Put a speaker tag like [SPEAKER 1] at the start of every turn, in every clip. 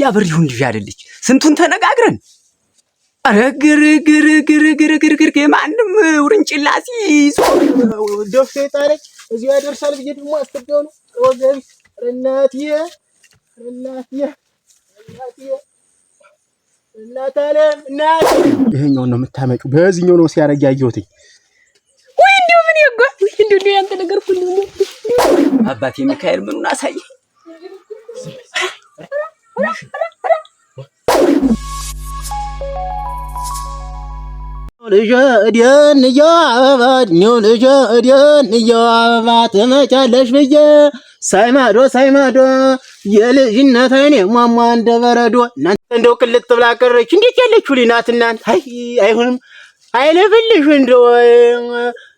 [SPEAKER 1] ያ ብር ይሁን ልጅ አይደለች። ስንቱን ተነጋግረን አረ የማንም ውርንጭላ ሲይዞ
[SPEAKER 2] ደፍቶ የጣለች ያደርሳል ብዬ ደግሞ አስቤው ነው ወገቢ እናት
[SPEAKER 3] ይሄኛውን ነው በዚህኛው ነው ሲያረግ
[SPEAKER 4] ወይ እንዲሁ ምን ይጓ እንዲሁ እንዲሁ ያንተ ነገር ሁሉ
[SPEAKER 1] አባቴ ሚካኤል ምኑን አሳየ። ልጄ እድን እያበባ እኔው ልጄ እድን እያበባ ትመጫለሽ ብዬ ሳይማዶ ሳይማዶ የልጅነት አይኔ ሟሟ እንደ በረዶ እናንተ እንደው ቅልጥ ብላ ቀረች። እንዴት ያለችው ልናት እናንተ አይ አይሁንም አይለብልሽ እንደው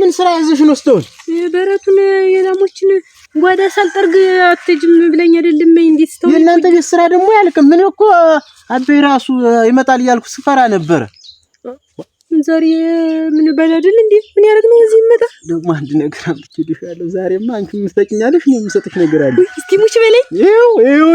[SPEAKER 3] ምን ስራ ያዘሽን ወስደውን
[SPEAKER 4] በረቱን የላሞችን ጓዳ ሳልጠርግ አትጅም ብለኝ አይደለም እንዴት
[SPEAKER 3] ተው የእናንተ ቤት ስራ ደግሞ ያልቅም ምን እኮ አበይ ራሱ ይመጣል እያልኩ ስፈራ ነበረ
[SPEAKER 4] ዛሬ ምን በል እንዴ ምን ያደርግ ነው እዚህ ይመጣ
[SPEAKER 3] ደግሞ አንድ ነገር አምጥቼልሻለሁ ዛሬማ አንቺ የምትሰጪኝ አለሽ እኔ የምሰጥሽ ነገር አለ
[SPEAKER 4] እስኪ ሙች በለኝ
[SPEAKER 3] ይኸው ይኸው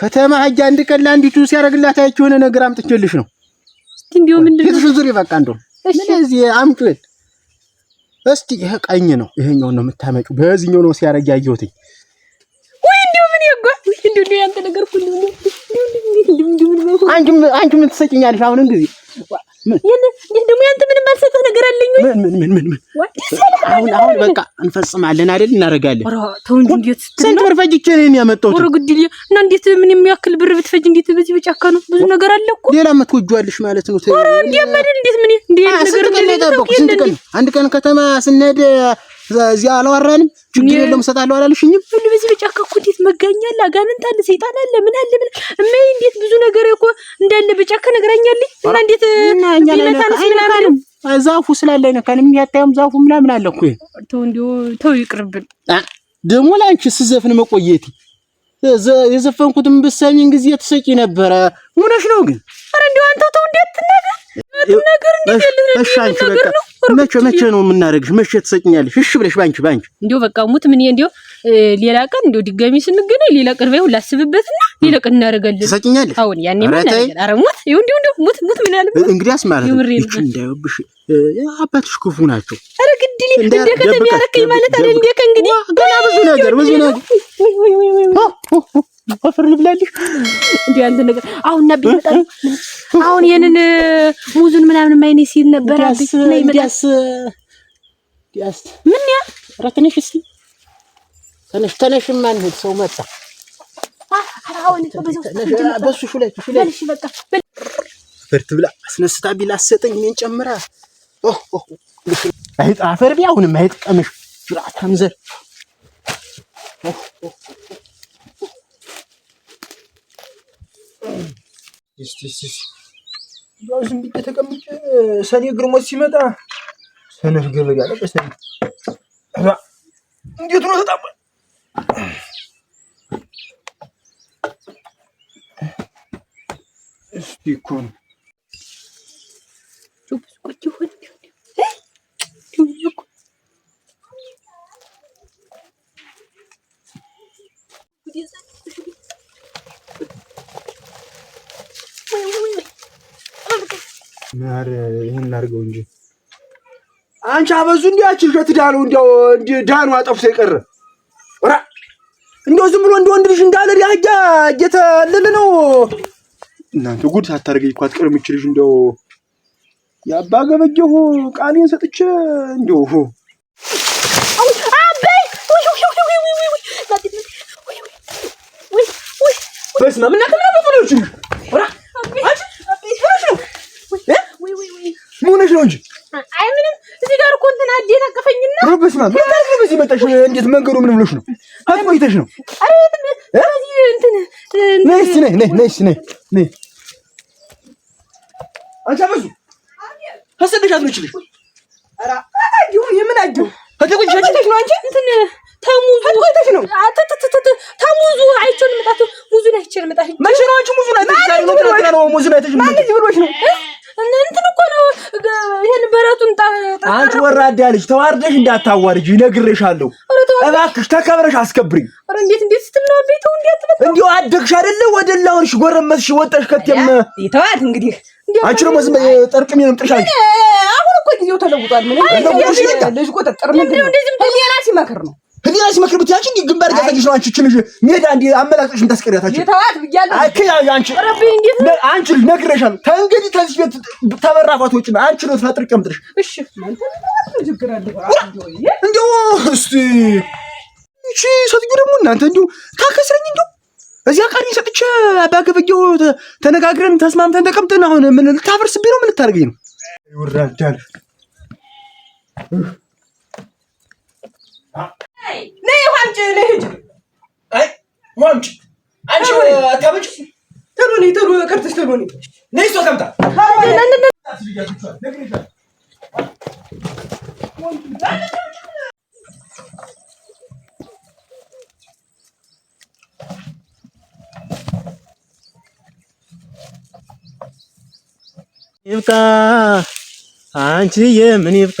[SPEAKER 3] ከተማ ሂጅ አንድ ቀን ለአንዲቱ ሲያደርግላት አይቼ የሆነ ነገር አምጥቼልሽ ነው።
[SPEAKER 4] እስቲ እንዲው ምንድን
[SPEAKER 3] ነው ፊትሽን ዙሪ በቃ እንደው ስለዚህ አምጪው። እስቲ ይሄ ቀኝ ነው፣ ይሄኛው ነው የምታመጪው። በዚህኛው ነው ሲያደርግ ያየሁትኝ።
[SPEAKER 4] ወይ እንዲው ምን ይጓ እንዲው እንዲው ያንተ ነገር ሁሉ
[SPEAKER 3] ነው። አንቺ ምን ትሰጭኛለሽ አሁንም ጊዜ
[SPEAKER 4] ደግሞ ያንተ ምንም አልሰጥህ ነገር አለኝ።
[SPEAKER 3] ምን ምን ምን ምን አሁን አሁን በቃ እንፈጽማለን አይደል? እናደርጋለን።
[SPEAKER 4] ተው እንጂ እንዴት ምን የሚያክል ብር ብትፈጅ እንዴት በዚህ በጫካ ነው? ብዙ ነገር አለ
[SPEAKER 3] እኮ ሌላ የምትጎጂዋለሽ ማለት ነው። አንድ ቀን ከተማ ስንሄድ እዚያ አላወራንም። ችግር የለውም እሰጥሃለሁ አላልሽኝም?
[SPEAKER 4] ሁሉ ጫካ እኮ እንዴት መጋኛል? አጋንንት አለ፣ ሰይጣን አለ፣ ምን አለ ምን እመይ፣ እንዴት ብዙ ነገር እኮ እንዳለ በጫካ ነግራኛለች። እና
[SPEAKER 3] እንዴት ቢመታንስ ምናምን ዛፉ ስላለ ነው አይነካንም። የሚያታየም ዛፉ ምናምን አለ እኮ።
[SPEAKER 4] ተው እንዲያው ተው ይቅርብን።
[SPEAKER 3] ደግሞ ላንቺ ስዘፍን መቆየቲ የዘፈንኩትም ብትሰሚን ጊዜ ትሰቂ ነበረ። ሙነሽ ነው ግን
[SPEAKER 4] አረ እንዲያው አንተ ተው፣ እንዴት ትናገር ነገር
[SPEAKER 3] እሺ፣ አንቺ በቃ መቼ መቼ ነው የምናደርግሽ? መቼ ትሰቂኛለሽ? እሺ ብለሽ ባንቺ ባንቺ
[SPEAKER 4] እንዲያው በቃ ሙት ምን እንዲያው ሌላ ቀን እንደው ድጋሚ ስንገናኝ ሌላ ቀን ባይሆን ላስብበትና ሌላ ቀን እናደርጋለን። ትሰጭኛለሽ? አሁን ያኔ ማለት ኧረ ሞት ይሁን እንዲሁ እንዲሁ ሞት ሞት ምን አለ
[SPEAKER 3] እንግዲያስ ማለት ነው ይቺ እንዳይወብሽ አባትሽ ክፉ ናቸው።
[SPEAKER 4] ኧረ ግድል እንደ ከተም ያረከኝ ማለት አይደል? እንደ ከእንግዲህ
[SPEAKER 3] ገና ብዙ ነገር ብዙ ነገር ወፍር ልብላልሽ
[SPEAKER 4] እንዴ አንተ ነገር አሁን እና ቢመጣ አሁን ይሄንን ሙዙን ምናምን ማይኔ ሲል ነበር አብይ ምን ያ
[SPEAKER 3] ረከነሽ ተነሽ ተነሽ፣ ማንሄድ ሰው መጣ። በሱ ሹላይ ሹላይ ፈርት ብላ አስነስታ ቢላ አሰጠኝ ምን ጨምራ አይጥ አፈር ቢ አሁንም አይጥ ቀምሽ ጅራታም ዘር ያው ዝም ብዬ ተቀምጬ ሰኔ ግርሞት ሲመጣ ሰነፍ ገበሬ አለ። በሰኔ እንዴት ነው ተጣባ እስቲ እኮ ነው ማር እንጂ አንቺ አበዙ እንዲያችል እንዲያው ዳኑ አጠፍቶ የቀረ ዝም ብሎ እንደ ወንድ ልጅ እንዳለ ያጃ እየተለለ ነው። እናንተ ጉድ ሳታደርገኝ እኮ አትቀርም። ልጅ እንደው ያባ ገበጀሁ ቃሌን ሰጥቼ እንደው በስመ አብ እናንተ ምን ሆነሽ ነው እንጂ
[SPEAKER 4] አይ ምንም እዚህ ጋር እኮ እንትን አዲ ነቀፈኝና፣
[SPEAKER 3] በስመ አብ በዚህ መጣሽ? እንዴት መንገዱ ምን ብለሽ ነው? አቆይተሽ ነው? አረ ነይ ነይ ነይ ነይ ነይ አንቺ አበዙ ሀሰብሽ አትመችልሽ። አራ አዲሁ የምን አዲሁ ነው
[SPEAKER 4] አንቺ እንትን ተሙዙ አይቼው ልመጣት ሙዙን አይቼው ልመጣት መቼ ነው አንቺ ሙዙን
[SPEAKER 3] አይተሽ ነው?
[SPEAKER 4] እንትን እኮ ነው ይሄን በረቱን
[SPEAKER 3] አንቺ ወራዳ ልጅ ተዋርደሽ እንዳታዋርጂ ይነግርሻለሁ። እባክሽ ተከብረሽ አስከብሪ።
[SPEAKER 4] እንዴት እንዴት ስትል ቤቱ እንዴት
[SPEAKER 3] ነው እንዴው አደግሽ አይደለ? ወደ ጎረመስሽ ወጣሽ ከተም ተዋት እንግዲህ አንቺ ነው ዝም ጠርቅም ነው አንቺ
[SPEAKER 4] አሁን እኮ ጊዜው ተለውጧል።
[SPEAKER 3] ምን ልጅ ቁጥጥር
[SPEAKER 4] ምን ነው እንደዚህ ምን ሌላ ሲመክር ነው
[SPEAKER 3] ህሊና ሲመክር ብትይ አንቺ ግንባር ገጠልሽ ነው። አንቺ እቺ ልጅ ሜዳ እንዲ አመላቅሽ ምታስቀሪያታችሁ የተዋት ብያለሁ። አክ አንቺ አንቺ ነግረሻል። ከእንግዲህ ከዚህ ቤት ተበራፋት ወጭ ነው። አንቺ ነው ፈጥር ቀምጥልሽ። እሺ እንደው እስቲ እቺ ሰትዩ ደግሞ እናንተ እንደው ታከስረኝ እንደው እዚያ ቃሪን ሰጥቼ አባገበየው ተነጋግረን ተስማምተን ተቀምጠን አሁን ምን ልታፈርስብኝ ነው? ምን ልታደርገኝ ነው? ይወራዳል
[SPEAKER 4] ነይ ዋምጭ፣ ነይ ሂጂ።
[SPEAKER 3] አይ ዋምጭ፣ አንቺ አታመጭ። ቶሎ ነይ፣ ቶሎ ከብተሽ፣ ቶሎ ነይ፣ ነይ። እሷ ከምታ
[SPEAKER 1] ይብቃ፣ አንቺ የምን ይብቃ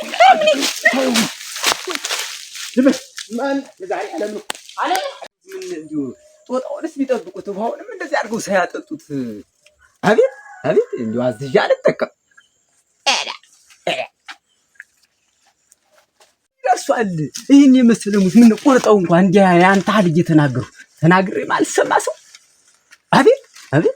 [SPEAKER 3] ጦጣውንስ ቢጠብቁት ውሃውንም እንደዚህ አድርገው ሳያጠጡት፣ አቤት አቤት! እንዲያው አዝዣ አልጠቀም ደርሷል። ይህን የመሰለ ሙት ምን ቆርጠው እንኳን እንዲ አንተ አድጌ ተናገሩ ተናግሬ አልሰማ ሰው አቤት አቤት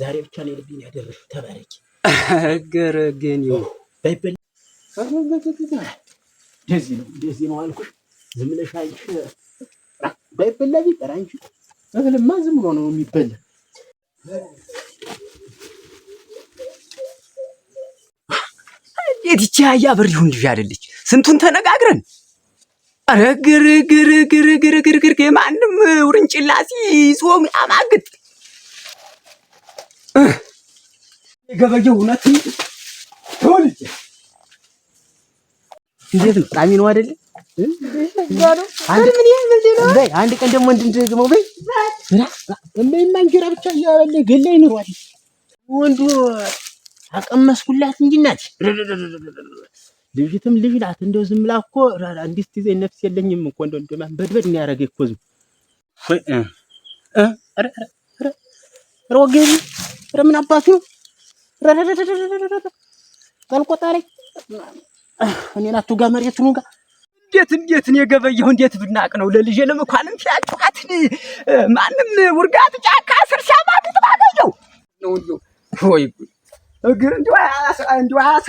[SPEAKER 3] ዛሬ ብቻ ነው ልብን ያደረሹ። ተባረኪ።
[SPEAKER 1] እግር ግን ባይበል
[SPEAKER 3] እንደዚህ ነው እንደዚህ ነው አልኩሽ። ዝም ብለሽ አንቺ ባይበላ ቢቀር አንቺ እህልማ ዝም ብሎ ነው የሚበላ።
[SPEAKER 1] እንዴት ይቺ አያ ይሁን ልጅ አይደለች? ስንቱን ተነጋግረን ኧረ ግር ግር ግር ግር ግር ማንም ውርንጭላ ሲጾም ያማግጥ
[SPEAKER 3] የገበየው እውነት ልጅ እንዴት ነው? ጣሚ ነው አይደለ? አንድ ቀን ደግሞ እንድንድግመው በይ እማይማ እንጀራ ብቻ እያበለ ገላ ይኖሯል። ወንዱ አቀመስኩላት እንጂ እናት ልጅትም ልጅ ናት። እንደው ዝም ብላ እኮ አንዲት ጊዜ ነፍስ የለኝም እኮ እንደው እንደማ በድበድ ነው ያደረገ እኮ ዝም ወይ ረምን አባቱ ገልቆጣ ላይ እኔን አቱ ጋር መሬቱን ጋር
[SPEAKER 1] እንዴት እንዴት ነው የገበየው? እንዴት ብናቅ ነው ለልጄ ለመኳንንት ያጫት ማንም ውርጋት ጫካ ስር ሲያማቱት ባገኘው
[SPEAKER 3] ነው እንዴ ወይ እግር እንዴ አሳ እንዴ አሳ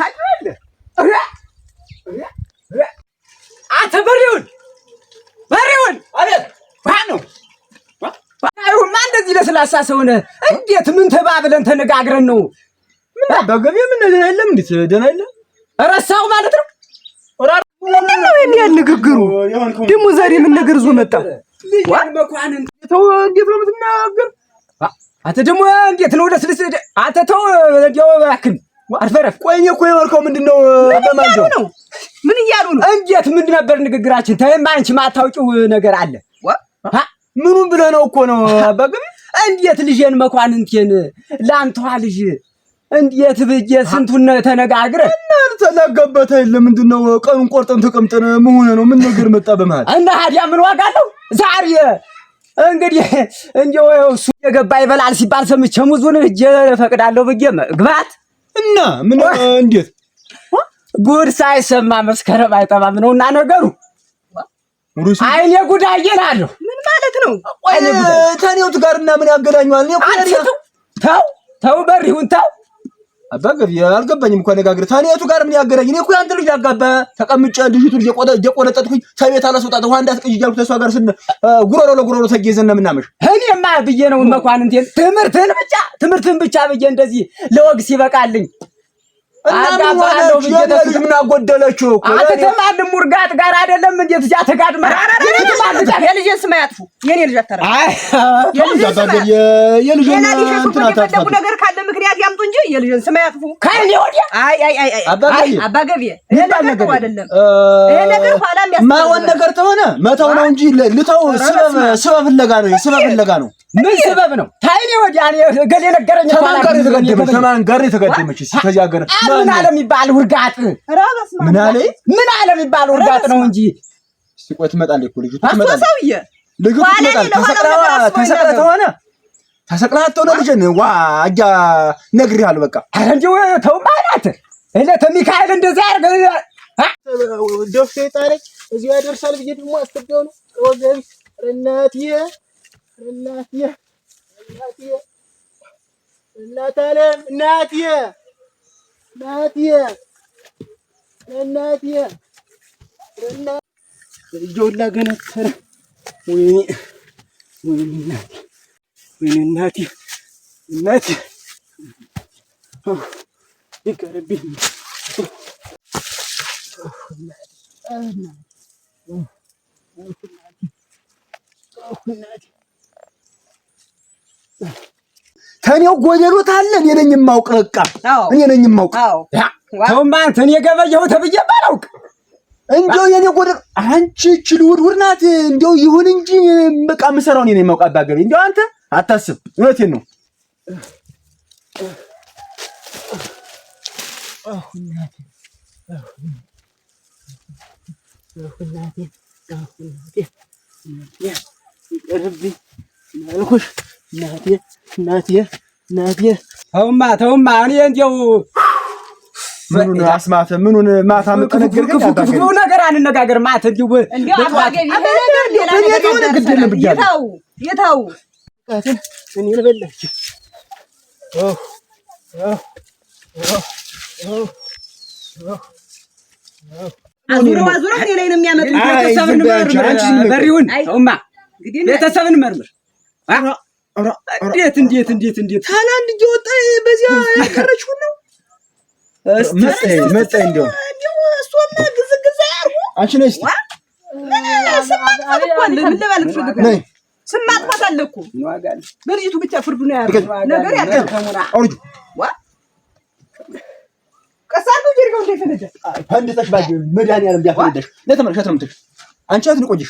[SPEAKER 1] ለስላሳ ሰው ነህ። እንዴት ምን ተባብለን ተነጋግረን ነው?
[SPEAKER 3] በገቢ ምን ደህና የለም እንዴት ደህና የለም
[SPEAKER 1] ረሳው ማለት ነው።
[SPEAKER 3] ምንድን ነው ይሄን ያህል ንግግሩ? ደግሞ ዛሬ ምን ነገር ይዞ መጣ? እንዴት ነው ምትናገር?
[SPEAKER 1] አንተ ደግሞ እንዴት ነው ለስልስ? አንተ ተው እንዲያው እባክህ
[SPEAKER 3] አርፈረፍ ቆይ እኮ የወርከው ምንድን ነው?
[SPEAKER 4] በማንጆ ነው ምን እያሉ
[SPEAKER 1] ነው? እንዴት ምን ነበር ንግግራችን? ተይም አንቺ ማታውቂው ነገር አለ።
[SPEAKER 3] ምኑን ብለህ ነው እኮ ነው
[SPEAKER 1] አባገበ እንዴት ልጄን መኳንንቴን ላንተዋ ልጅ እንዴት ብዬ ስንቱን ተነጋግረ
[SPEAKER 3] ተናጋበታ የለም ምንድን ነው ቀኑን ቆርጠን ተቀምጠን መሆነ ነው። ምን ነገር መጣ በመሃል
[SPEAKER 1] እና ሀዲያ ምን ዋጋ አለው? ዛሬ እንግዲህ እንዲያው እሱ የገባ ይበላል ሲባል ሰምቼ ሙዙን እጄ እፈቅዳለሁ ብዬ መግባት
[SPEAKER 3] እና ምን እንዴት
[SPEAKER 1] ጉድ ሳይሰማ መስከረም አይጠባም ነውና ነገሩ አይኔ ጉዳዬን አለሁ
[SPEAKER 4] ማለት ነው።
[SPEAKER 3] ተኔውት ጋር እና ምን ያገናኘዋል?
[SPEAKER 1] ተው ተው፣ በሪሁን ተው።
[SPEAKER 3] አባ ገቢ አልገባኝም እኮ ነጋግር። ተኔቱ ጋር ምን ያገናኝ? እኔ እኮ ያንተ ልጅ አጋባ ተቀምጬ ልጅቱ ልጅ ቆጠ እየቆነጠጥኩኝ ተቤት አላስወጣት ውሃ እንዳትቀጅ እያልኩ ተሷ ጋር ስነ ጉሮሮ ለጉሮሮ ተጌዘን ነው የምናመሽ።
[SPEAKER 1] እኔማ ብዬ ነው መኳንንቴን ትምህርትን ብቻ ትምህርትን ብቻ ብዬ እንደዚህ ለወግ ሲበቃልኝ
[SPEAKER 3] እናምንሆነች የልጅ ምን አጎደለችው?
[SPEAKER 1] አንተ ተማልም ሙርጋት ጋር አይደለም እንዴት እዚያ ተጋድመ
[SPEAKER 4] የልጄን ስም አያጥፉ። የኔ ልጅ አታረ የፈለጉ ነገር ካለ ምክንያት ያምጡ እንጂ የልጄን ስም አያጥፉ።
[SPEAKER 3] ማወን ነገር ተሆነ መተው ነው እንጂ ልተው ስበብ ፍለጋ ነው። ስበብ ፍለጋ ነው።
[SPEAKER 1] ምን ስበብ ነው?
[SPEAKER 4] ታይኔ ወዲያ ገሌ ነገረኝ።
[SPEAKER 3] ተማን ጋር የተቀደመች ተማን ጋር የተቀደመች ተጃገረ
[SPEAKER 1] ምን አለ የሚባል ውርጋጥ ምን አለ ምን አለ የሚባል ውርጋጥ ነው እንጂ
[SPEAKER 3] ቆይ ትመጣለች እኮ ልጅቱ ትመጣለች። ሰውዬ ልጅቱ ትመጣለች። ተሰቅላ ተሆነ ተሰቅላ አትሆነ ልጅ ዋ እጃ ነግሬሃለሁ። በቃ
[SPEAKER 1] ኧረ እንጂ ተው ማለት እለት ሚካኤል እንደዛ ያርገ
[SPEAKER 2] ደፍቶ የጣለች እዚሁ ያደርሳል ብዬ ደግሞ አስገባው ነው ወገቢ እናትዬ እናትዬ እናትዬ እናት አለም እናትዬ እናትዬ እናትዬ
[SPEAKER 3] እየውላ ገነተረ። ወይኔ ወይኔ እናቴ ወይኔ እናቴ እናቴ ይቀርብኝ ከኔው ጎደሎት አለ። እኔ ነኝ የማውቅ በቃ እኔ ነኝ የማውቅ ተውማ እኔ ገበየሁ ተብዬ ባላውቅ እንደው የኔ ቁጥር አንቺ ችል ውድውድ ናት። እንደው ይሁን እንጂ በቃ የምሰራው እኔ ነኝ። የማውቃት ባገቢ እንደው አንተ አታስብ። እውነቴን ነው። ናቴ እናቴ ናቴ እናቴ። ተውማ ተውማ እኔ እንደው ምኑን አስማተ ምኑን ማታ መጠነገር ነገር አንነጋገር ማታ እንዲሁ ቤተሰብን መርምር። እንዴት እንዴት እንዴት እንዴት
[SPEAKER 4] ታላንድ እየወጣ በዚያ ያከረችሁን ነው
[SPEAKER 3] መጣ እንዲሁ አንቺ ነሽ
[SPEAKER 4] ስማጥፋት አለ እኮ በልጅቱ ብቻ ፍርድ ነው ያለው ነገር ያለው ቀሳሉ ጀርጋው
[SPEAKER 3] እንዳይፈነዳ ፈንድተሽ ባጅ መድኃኒዓለም ቢያፈነዳሽ ለተመረሽ ተምትሽ አንቺ አትንቆጅሽ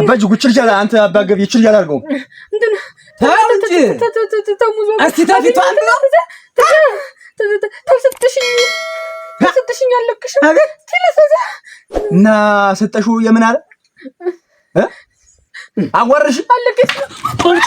[SPEAKER 3] አባጅ ጉችል ጃላ አንተ አባገብ ይችል ጃላ እና ሰጠሹ የምን አለ አዋርሽ
[SPEAKER 4] አለቅሽ